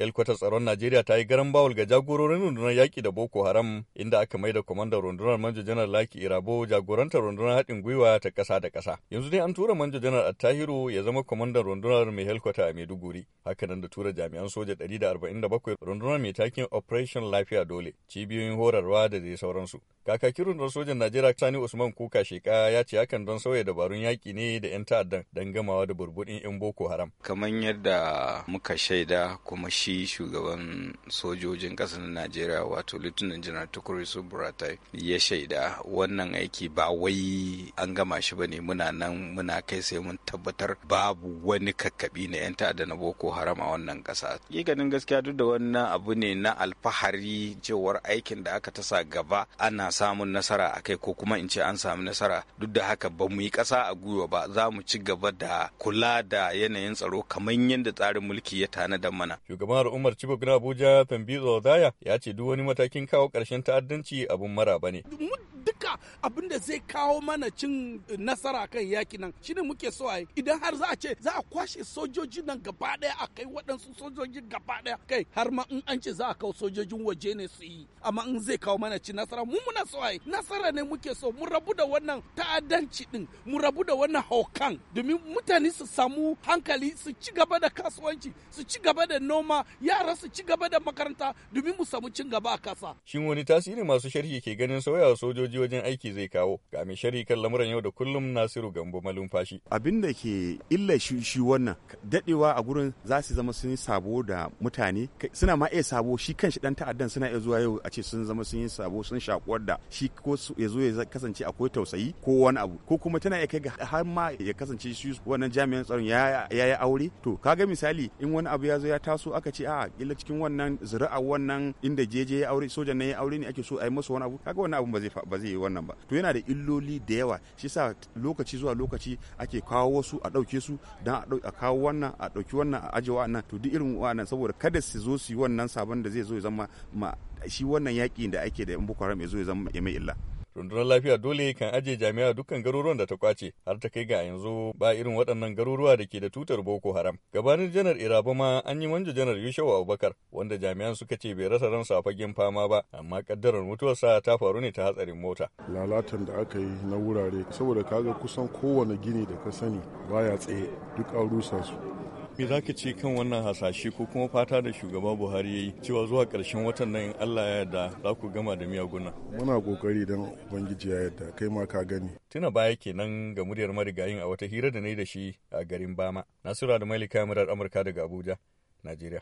Helkwatar tsaron Najeriya ta yi garan bawul ga jagororin rundunar yaƙi da Boko Haram inda aka mai da kwamandan rundunar Manjo Janar Laki Irabo jagorantar rundunar haɗin gwiwa ta ƙasa da ƙasa. Yanzu dai an tura Manjo Janar Attahiru ya zama kwamandan rundunar mai helkwata a Maiduguri. Hakanan da tura jami'an soja da 147 rundunar mai takin Operation Lafiya Dole, cibiyoyin horarwa da dai sauransu. Kakakin rundunar sojan Najeriya Sani Usman Kuka Sheka ya ce hakan don sauya dabarun yaƙi ne da 'yan ta'addan don gamawa da burbuɗin 'yan Boko Haram. Kamar yadda muka shaida kuma shi shi shugaban sojojin ƙasa na najeriya wato litinin janar tukuri buratai ya shaida wannan aiki ba wai an gama shi ba ne muna nan muna kai sai mun tabbatar babu wani kakkabi na 'yan ta'adda na boko haram a wannan ƙasa ganin gaskiya duk da wannan abu ne na alfahari cewar aikin da aka tasa gaba ana samun nasara a kai ko kuma in ce an samu nasara duk da haka ba mu yi ƙasa a gwiwa ba za mu ci gaba da kula da yanayin tsaro kamar yadda tsarin mulki ya tanada mana shugaban janar umar chibok na abuja pembizo odaya ya ce duk wani matakin kawo ƙarshen ta'addanci abun maraba ne duka abin da zai kawo mana cin nasara kan yaki nan ne muke so a yi idan har za a ce za a kwashe sojoji nan gaba daya a kai waɗansu sojoji gaba daya kai har ma in an ce za a kawo sojojin waje ne su yi amma in zai kawo mana cin nasara mu muna so a yi nasara ne muke so mu rabu da wannan ta'addanci din mu rabu da wannan haukan domin mutane su samu hankali su ci gaba da kasuwanci su ci gaba da noma yara su ci gaba da makaranta domin mu samu cin gaba a kasa shin wani tasiri masu sharhi ke ganin sauya sojoji wajen aiki zai kawo ga mai sharhi kan lamuran yau da kullum Nasiru Gambo malumfashi. Abin da ke illa shi shi wannan dadewa a gurin za su zama sun sabo da mutane suna ma iya sabo shi kan shi dan ta'addan suna iya zuwa yau a ce sun zama sun yi sabo sun shakuwar da shi ko ya zo ya kasance akwai tausayi ko wani abu ko kuma tana iya kai ga har ma ya kasance shi wannan jami'an tsaron ya yi aure to kaga misali in wani abu ya zo ya taso aka ce a illa cikin wannan zuri'a wannan inda jeje ya aure sojan ne ya aure ne ake so a yi masa wani abu kaga wannan abu ba zai ba zai yi wannan wannan ba to yana da illoli da yawa shi sa lokaci zuwa lokaci ake kawo wasu a ɗauke su don a kawo wannan a ɗauki wannan a ajiye wannan to duk irin wannan saboda kada su zo su yi wannan sabon da zai zo ya zama ma shi wannan yaƙi da ake da yan boko ya zo ya zama ya mai illa rundunar lafiya dole kan ajiye jami'a dukkan garuruwan da ta kwace har ta kai ga yanzu ba irin waɗannan garuruwa da ke da tutar boko haram gabanin janar iraba an yi manja janar yushewa abubakar wanda jami'an suka ce bai rasa ransa a fagen fama ba amma kaddarar mutuwarsa ta faru ne ta hatsarin mota lalatan da aka yi na wurare saboda kaga kusan kowane gini da ka sani baya tsaye duk an rusa su Me za ka ce kan wannan hasashe ko kuma fata da shugaba Buhari ya yi cewa zuwa ƙarshen watan nan in Allah ya yarda za ku gama da miyaguna. Muna ƙoƙari don Ubangiji ya yarda kai ma ka gani. Tuna baya kenan ga muryar marigayin a wata hira da na yi da shi a garin Bama. Nasura da mailika Murar Amurka daga Abuja, Najeriya.